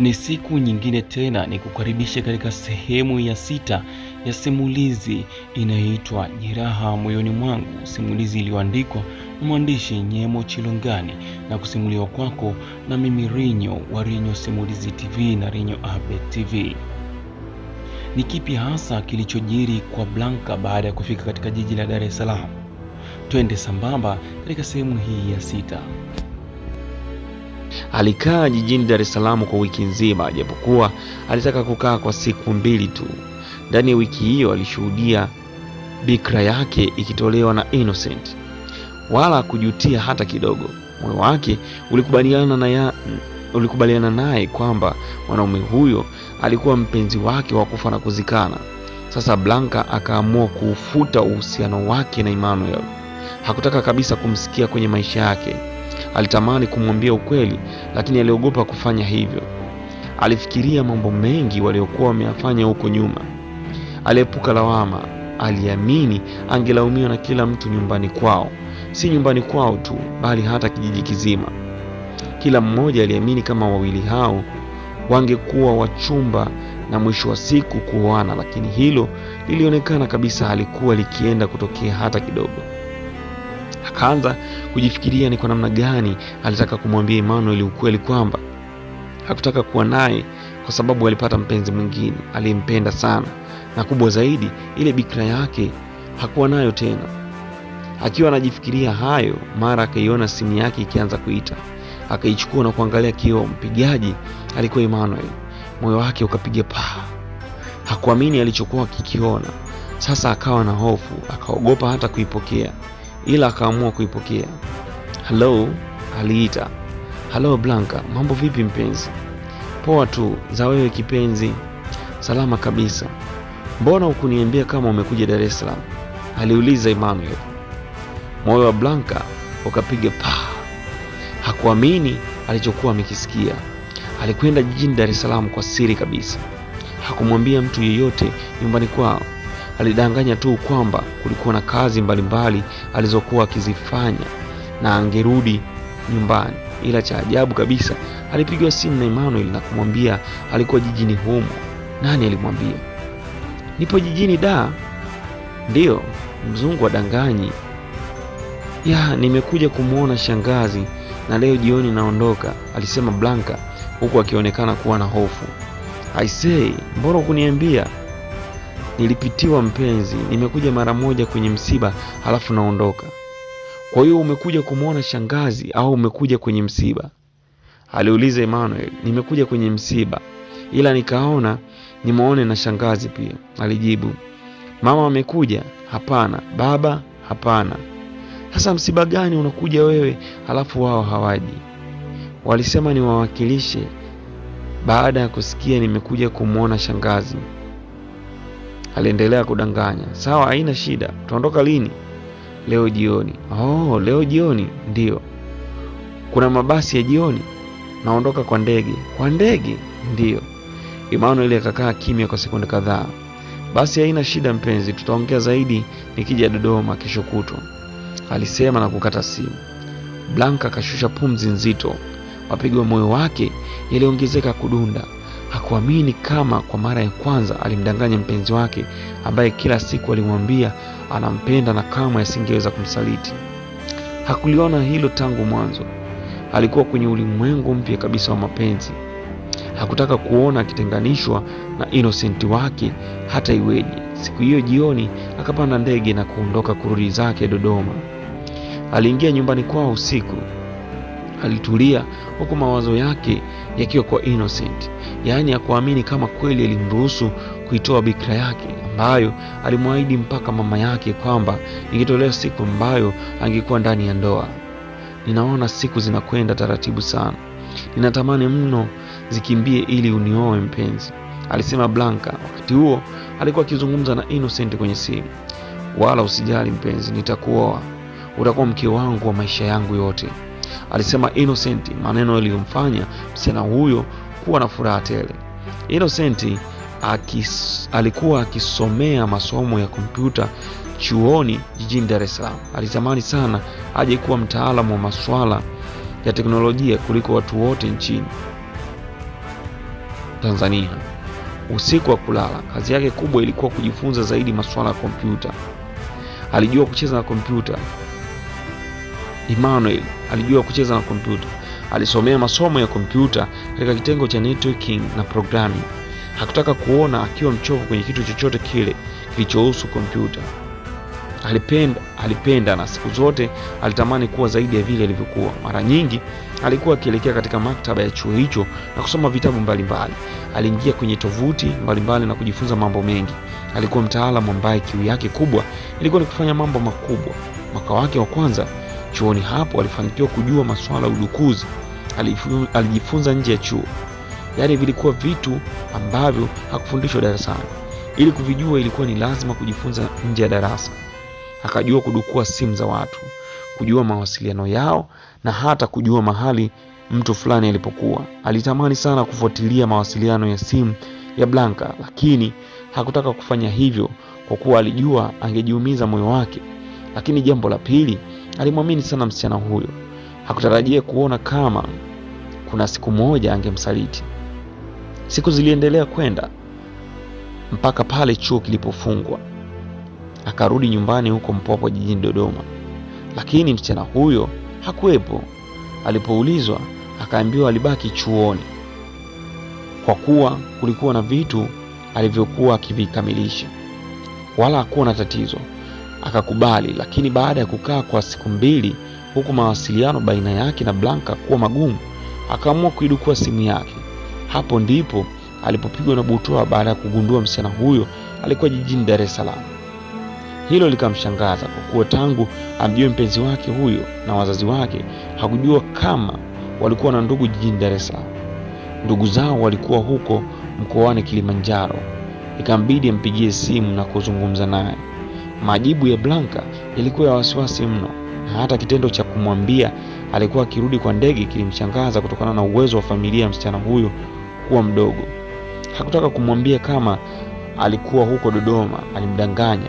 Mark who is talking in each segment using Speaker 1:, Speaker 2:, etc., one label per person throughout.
Speaker 1: Ni siku nyingine tena, ni kukaribisha katika sehemu ya sita ya simulizi inayoitwa Jeraha Moyoni Mwangu, simulizi iliyoandikwa na mwandishi Nyemo Chilongani na kusimuliwa kwako na mimi Rinyo wa Rinyo Simulizi TV na Rinyo ab TV. Ni kipi hasa kilichojiri kwa blanka baada ya kufika katika jiji la Dar es Salaam? Twende sambamba katika sehemu hii ya sita.
Speaker 2: Alikaa jijini Dar es Salaam kwa wiki nzima, japokuwa alitaka kukaa kwa siku mbili tu. Ndani ya wiki hiyo alishuhudia bikra yake ikitolewa na Innocent, wala kujutia hata kidogo. Moyo wake ulikubaliana na ya, ulikubaliana naye kwamba mwanaume huyo alikuwa mpenzi wake wa kufa na kuzikana. Sasa Blanka akaamua kuufuta uhusiano wake na Emmanuel. Hakutaka kabisa kumsikia kwenye maisha yake. Alitamani kumwambia ukweli, lakini aliogopa kufanya hivyo. Alifikiria mambo mengi waliokuwa wameyafanya huko nyuma. Aliepuka lawama. Aliamini angelaumiwa na kila mtu nyumbani kwao, si nyumbani kwao tu, bali hata kijiji kizima. Kila mmoja aliamini kama wawili hao wangekuwa wachumba na mwisho wa siku kuoana, lakini hilo lilionekana kabisa halikuwa likienda kutokea hata kidogo akaanza kujifikiria ni kwa namna gani alitaka kumwambia Emmanuel ukweli kwamba hakutaka kuwa naye kwa sababu alipata mpenzi mwingine aliyempenda sana, na kubwa zaidi, ile bikira yake hakuwa nayo tena. Akiwa anajifikiria hayo, mara akaiona simu yake ikianza kuita. Akaichukua na kuangalia kioo, mpigaji alikuwa Emmanuel. Moyo wake ukapiga paa, hakuamini alichokuwa akikiona. Sasa akawa na hofu, akaogopa hata kuipokea ila akaamua kuipokea. Halo,
Speaker 3: aliita. Halo Blanka, mambo vipi mpenzi?
Speaker 2: Poa tu, za wewe
Speaker 3: kipenzi? Salama kabisa.
Speaker 2: Mbona hukuniambia kama umekuja Dar es Salaam?
Speaker 3: aliuliza Emmanuel.
Speaker 2: Moyo wa Blanka ukapiga paa. Hakuamini alichokuwa amekisikia. Alikwenda jijini Dar es Salaam kwa siri kabisa, hakumwambia mtu yeyote nyumbani kwao. Alidanganya tu kwamba kulikuwa na kazi mbalimbali alizokuwa akizifanya na angerudi nyumbani, ila cha ajabu kabisa alipigiwa simu na Emmanuel na kumwambia alikuwa jijini humo.
Speaker 3: Nani alimwambia? Nipo
Speaker 2: jijini da. Ndiyo, mzungu adanganyi. Ya, nimekuja kumwona shangazi na leo jioni naondoka, alisema Blanka huku akionekana kuwa na
Speaker 3: hofu. aisei mbona
Speaker 2: kuniambia? nilipitiwa mpenzi, nimekuja mara moja kwenye msiba halafu naondoka. Kwa hiyo umekuja kumwona shangazi au umekuja kwenye msiba? Aliuliza Emmanuel. Nimekuja kwenye msiba, ila nikaona nimwone na shangazi pia, alijibu. Mama amekuja? Hapana. Baba? Hapana. Sasa msiba gani unakuja wewe halafu wao hawaji? Walisema niwawakilishe baada ya kusikia nimekuja kumwona shangazi aliendelea kudanganya. Sawa, haina shida, Tuondoka lini? Leo jioni. Oh, leo jioni? Ndiyo. Kuna mabasi ya jioni? Naondoka kwa ndege. Kwa ndege? Ndiyo. Emmanuel akakaa kimya kwa sekunde kadhaa. Basi haina shida mpenzi, tutaongea zaidi nikija Dodoma kesho kutwa, alisema na kukata simu. Blanka akashusha pumzi nzito, mapigo ya moyo wake yaliongezeka kudunda. Hakuamini kama kwa mara ya kwanza alimdanganya mpenzi wake ambaye kila siku alimwambia anampenda na kama asingeweza kumsaliti. Hakuliona hilo tangu mwanzo. Alikuwa kwenye ulimwengu mpya kabisa wa mapenzi. Hakutaka kuona akitenganishwa na Inosenti wake hata iweje. Siku hiyo jioni akapanda ndege na kuondoka kurudi zake Dodoma. Aliingia nyumbani kwao usiku. Alitulia huku mawazo yake yakiwa kwa Innocent, yaani ya kuamini kama kweli alimruhusu kuitoa bikira yake ambayo alimwahidi mpaka mama yake kwamba ingetolewa siku ambayo angekuwa ndani ya ndoa. Ninaona siku zinakwenda taratibu sana, ninatamani mno zikimbie ili unioe mpenzi, alisema Blanka. Wakati huo alikuwa akizungumza na Innocent kwenye simu. Wala usijali mpenzi, nitakuoa, utakuwa mke wangu wa maisha yangu yote alisema Innocent, maneno yaliyomfanya msichana huyo kuwa na furaha tele. Innocent alikuwa akisomea masomo ya kompyuta chuoni jijini Dar es Salaam. Alitamani sana aje kuwa mtaalamu wa maswala ya teknolojia kuliko watu wote nchini Tanzania. Usiku wa kulala, kazi yake kubwa ilikuwa kujifunza zaidi masuala ya kompyuta. Alijua kucheza na kompyuta, Emmanuel alijua kucheza na kompyuta. Alisomea masomo ya kompyuta katika kitengo cha networking na programming. Hakutaka kuona akiwa mchovu kwenye kitu chochote kile kilichohusu kompyuta. Alipenda, alipenda na siku zote alitamani kuwa zaidi ya vile alivyokuwa. Mara nyingi alikuwa akielekea katika maktaba ya chuo hicho na kusoma vitabu mbalimbali. Aliingia kwenye tovuti mbalimbali na kujifunza mambo mengi. Alikuwa mtaalamu ambaye kiu yake kubwa ilikuwa ni kufanya mambo makubwa. Mwaka wake wa kwanza Chuoni hapo alifanikiwa kujua masuala ya udukuzi alijifunza nje ya chuo, yaani vilikuwa vitu ambavyo hakufundishwa darasani. Ili kuvijua, ilikuwa ni lazima kujifunza nje ya darasa. Akajua kudukua simu za watu, kujua mawasiliano yao na hata kujua mahali mtu fulani alipokuwa. Alitamani sana kufuatilia mawasiliano ya simu ya Blanka, lakini hakutaka kufanya hivyo kwa kuwa alijua angejiumiza moyo wake. Lakini jambo la pili Alimwamini sana msichana huyo, hakutarajia kuona kama kuna siku moja angemsaliti. Siku ziliendelea kwenda mpaka pale chuo kilipofungwa, akarudi nyumbani huko mpopo jijini Dodoma, lakini msichana huyo hakuwepo. Alipoulizwa akaambiwa alibaki chuoni kwa kuwa kulikuwa na vitu alivyokuwa akivikamilisha, wala hakuwa na tatizo akakubali, lakini baada ya kukaa kwa siku mbili, huku mawasiliano baina yake na Blanka kuwa magumu, akaamua kuidukua simu yake. Hapo ndipo alipopigwa na butoa baada ya kugundua msichana huyo alikuwa jijini Dar es Salaam. Hilo likamshangaza kwa kuwa tangu amjue mpenzi wake huyo na wazazi wake hakujua kama walikuwa na ndugu jijini Dar es Salaam. Ndugu zao walikuwa huko mkoani Kilimanjaro. Ikambidi ampigie simu na kuzungumza naye. Majibu ya Blanka yalikuwa ya wasiwasi mno, na hata kitendo cha kumwambia alikuwa akirudi kwa ndege kilimshangaza kutokana na uwezo wa familia ya msichana huyo kuwa mdogo. Hakutaka kumwambia kama alikuwa huko Dodoma, alimdanganya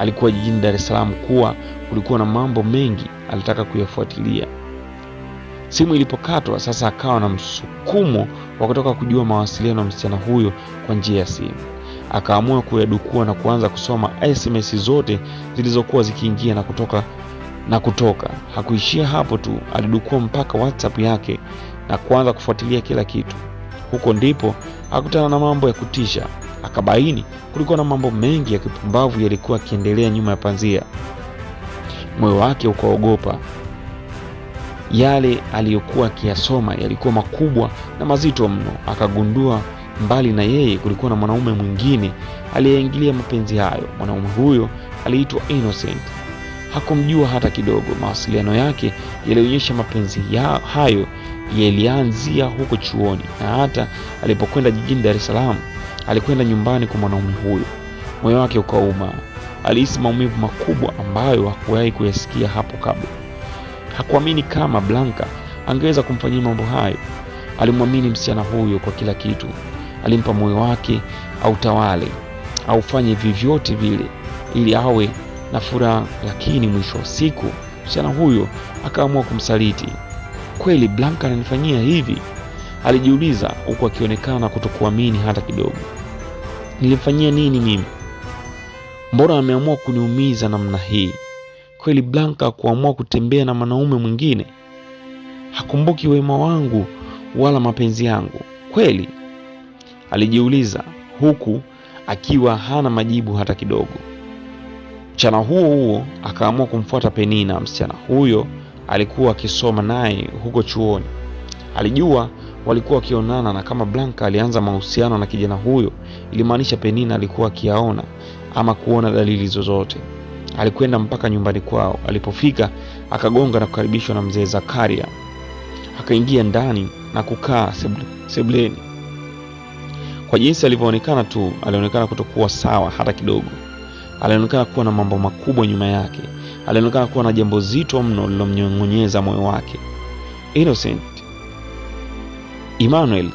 Speaker 2: alikuwa jijini Dar es Salaam, kuwa kulikuwa na mambo mengi alitaka kuyafuatilia. Simu ilipokatwa, sasa akawa na msukumo wa kutoka kujua mawasiliano ya msichana huyo kwa njia ya simu akaamua kuyadukua na kuanza kusoma SMS zote zilizokuwa zikiingia na kutoka na kutoka. Hakuishia hapo tu, alidukua mpaka WhatsApp yake na kuanza kufuatilia kila kitu. Huko ndipo akutana na mambo ya kutisha. Akabaini kulikuwa na mambo mengi ya kipumbavu yalikuwa yakiendelea nyuma ya panzia. Moyo wake ukaogopa. Yale aliyokuwa akiyasoma yalikuwa makubwa na mazito mno. Akagundua Mbali na yeye, kulikuwa na mwanaume mwingine aliyeingilia mapenzi hayo. Mwanaume huyo aliitwa Innocent. Hakumjua hata kidogo. Mawasiliano yake yalionyesha mapenzi ya hayo yalianzia huko chuoni, na hata alipokwenda jijini Dar es Salaam, alikwenda nyumbani kwa mwanaume huyo. Moyo wake ukauma, alihisi maumivu makubwa ambayo hakuwahi kuyasikia hapo kabla. Hakuamini kama Blanka angeweza kumfanyia mambo hayo. Alimwamini msichana huyo kwa kila kitu, alimpa moyo wake autawale, aufanye vyovyote vile ili awe na furaha. Lakini mwisho wa siku msichana huyo akaamua kumsaliti. Kweli Blanka ananifanyia hivi? alijiuliza huku akionekana kutokuamini hata kidogo. Nilimfanyia nini mimi? Mbona ameamua kuniumiza namna hii? Kweli Blanka kuamua kutembea na mwanaume mwingine? Hakumbuki wema wangu wala mapenzi yangu kweli? alijiuliza huku akiwa hana majibu hata kidogo. Mchana huo huo akaamua kumfuata Penina. Msichana huyo alikuwa akisoma naye huko chuoni. Alijua walikuwa wakionana, na kama Blanka alianza mahusiano na kijana huyo, ilimaanisha Penina alikuwa akiyaona ama kuona dalili zozote. Alikwenda mpaka nyumbani kwao. Alipofika akagonga na kukaribishwa na mzee Zakaria. Akaingia ndani na kukaa sebuleni. Kwa jinsi alivyoonekana tu, alionekana kutokuwa sawa hata kidogo. Alionekana kuwa na mambo makubwa nyuma yake, alionekana kuwa na jambo zito mno lilomnyong'onyeza moyo wake. Innocent Emmanuel,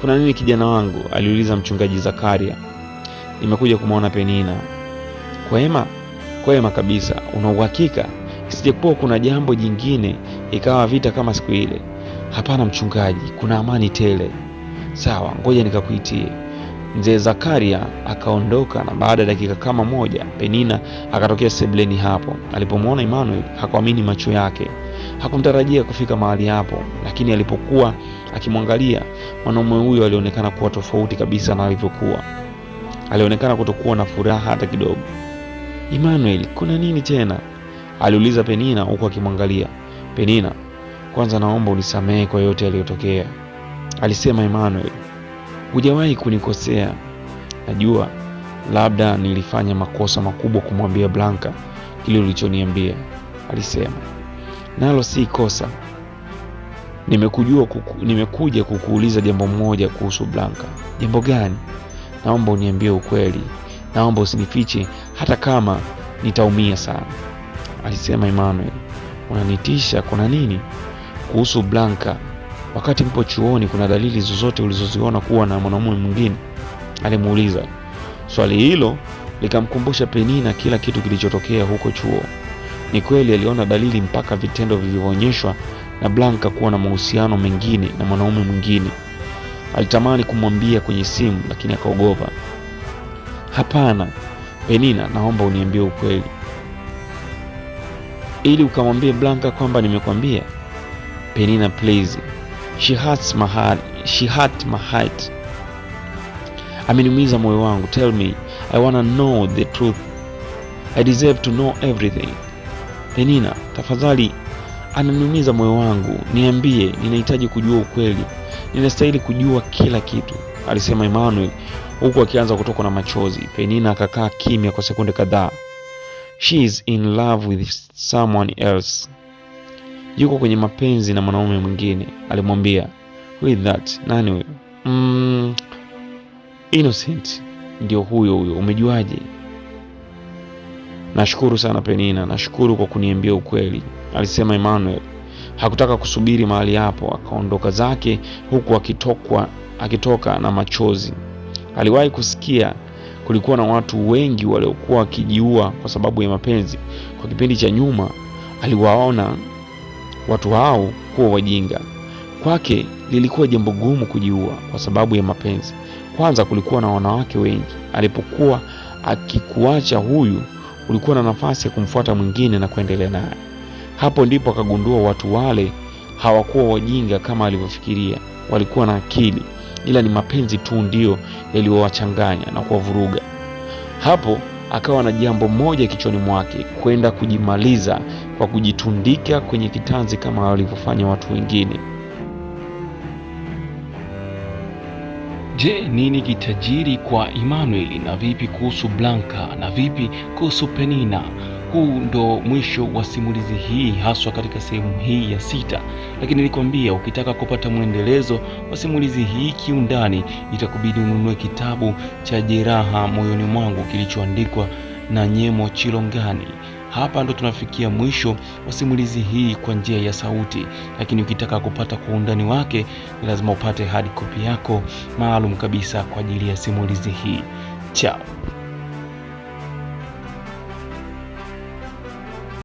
Speaker 2: kuna nini kijana wangu? aliuliza mchungaji Zakaria. Nimekuja kumwona Penina. Kwema? Kwema kabisa. Una uhakika? Isijekuwa kuna jambo jingine, ikawa vita kama siku ile. Hapana mchungaji, kuna amani tele sawa, ngoja nikakuitie. Mzee Zakaria akaondoka, na baada ya dakika kama moja Penina akatokea sebleni hapo. Alipomwona Emmanuel hakuamini macho yake, hakumtarajia kufika mahali hapo, lakini alipokuwa akimwangalia mwanaume huyo alionekana kuwa tofauti kabisa na alivyokuwa. Alionekana kutokuwa na furaha hata kidogo. Emmanuel, kuna nini tena? aliuliza Penina huku akimwangalia. Penina, kwanza naomba unisamehe kwa yote yaliyotokea alisema Emmanuel. Hujawahi kunikosea. Najua labda nilifanya makosa makubwa kumwambia Blanka kile ulichoniambia, alisema. Nalo si kosa. Nimekujua kuku, nimekuja kukuuliza jambo moja kuhusu Blanka. Jambo gani? Naomba uniambie ukweli. Naomba usinifiche hata kama nitaumia sana, alisema Emmanuel. Unanitisha, kuna nini? Kuhusu Blanka wakati mpo chuoni kuna dalili zozote ulizoziona kuwa na mwanamume mwingine alimuuliza swali hilo likamkumbusha penina kila kitu kilichotokea huko chuo ni kweli aliona dalili mpaka vitendo vilivyoonyeshwa na blanka kuwa na mahusiano mengine na mwanaume mwingine alitamani kumwambia kwenye simu lakini akaogopa hapana penina naomba uniambie ukweli ili ukamwambie blanka kwamba nimekwambia penina please She hurts my heart. She hurt my heart. Ameniumiza moyo wangu. Tell me, I wanna know the truth. I deserve to know everything. Penina, tafadhali, ananiumiza moyo wangu. Niambie, ninahitaji kujua ukweli. Ninastahili kujua kila kitu, alisema Emmanuel huku akianza kutokwa na machozi. Penina akakaa kimya kwa sekunde kadhaa. She is in love with someone else yuko kwenye mapenzi na mwanaume mwingine, alimwambia. Who that? Nani huyo? Mm, Innocent. Ndio huyo huyo. Umejuaje? Nashukuru sana Penina, nashukuru kwa kuniambia ukweli, alisema Emmanuel. Hakutaka kusubiri mahali hapo, akaondoka zake huku akitokwa akitoka na machozi. Aliwahi kusikia kulikuwa na watu wengi waliokuwa wakijiua kwa sababu ya mapenzi. Kwa kipindi cha nyuma aliwaona watu hao kuwa wajinga. Kwake lilikuwa jambo gumu kujiua kwa sababu ya mapenzi. Kwanza kulikuwa na wanawake wengi. Alipokuwa akikuacha huyu, ulikuwa na nafasi ya kumfuata mwingine na kuendelea naye. Hapo ndipo akagundua watu wale hawakuwa wajinga kama alivyofikiria, walikuwa na akili, ila ni mapenzi tu ndiyo yaliyowachanganya na kuwavuruga hapo akawa na jambo moja kichwani mwake, kwenda kujimaliza kwa kujitundika kwenye kitanzi kama walivyofanya watu wengine.
Speaker 1: Je, nini kitajiri kwa Emmanuel na vipi kuhusu Blanca na vipi kuhusu Penina? huu ndo mwisho wa simulizi hii, haswa katika sehemu hii ya sita, lakini nilikwambia ukitaka kupata mwendelezo wa simulizi hii kiundani, itakubidi ununue kitabu cha Jeraha Moyoni Mwangu kilichoandikwa na Nyemo Chilongani. Hapa ndo tunafikia mwisho wa simulizi hii kwa njia ya sauti, lakini ukitaka kupata kwa undani wake ni lazima upate hard copy yako maalum kabisa kwa ajili ya simulizi hii. Chao.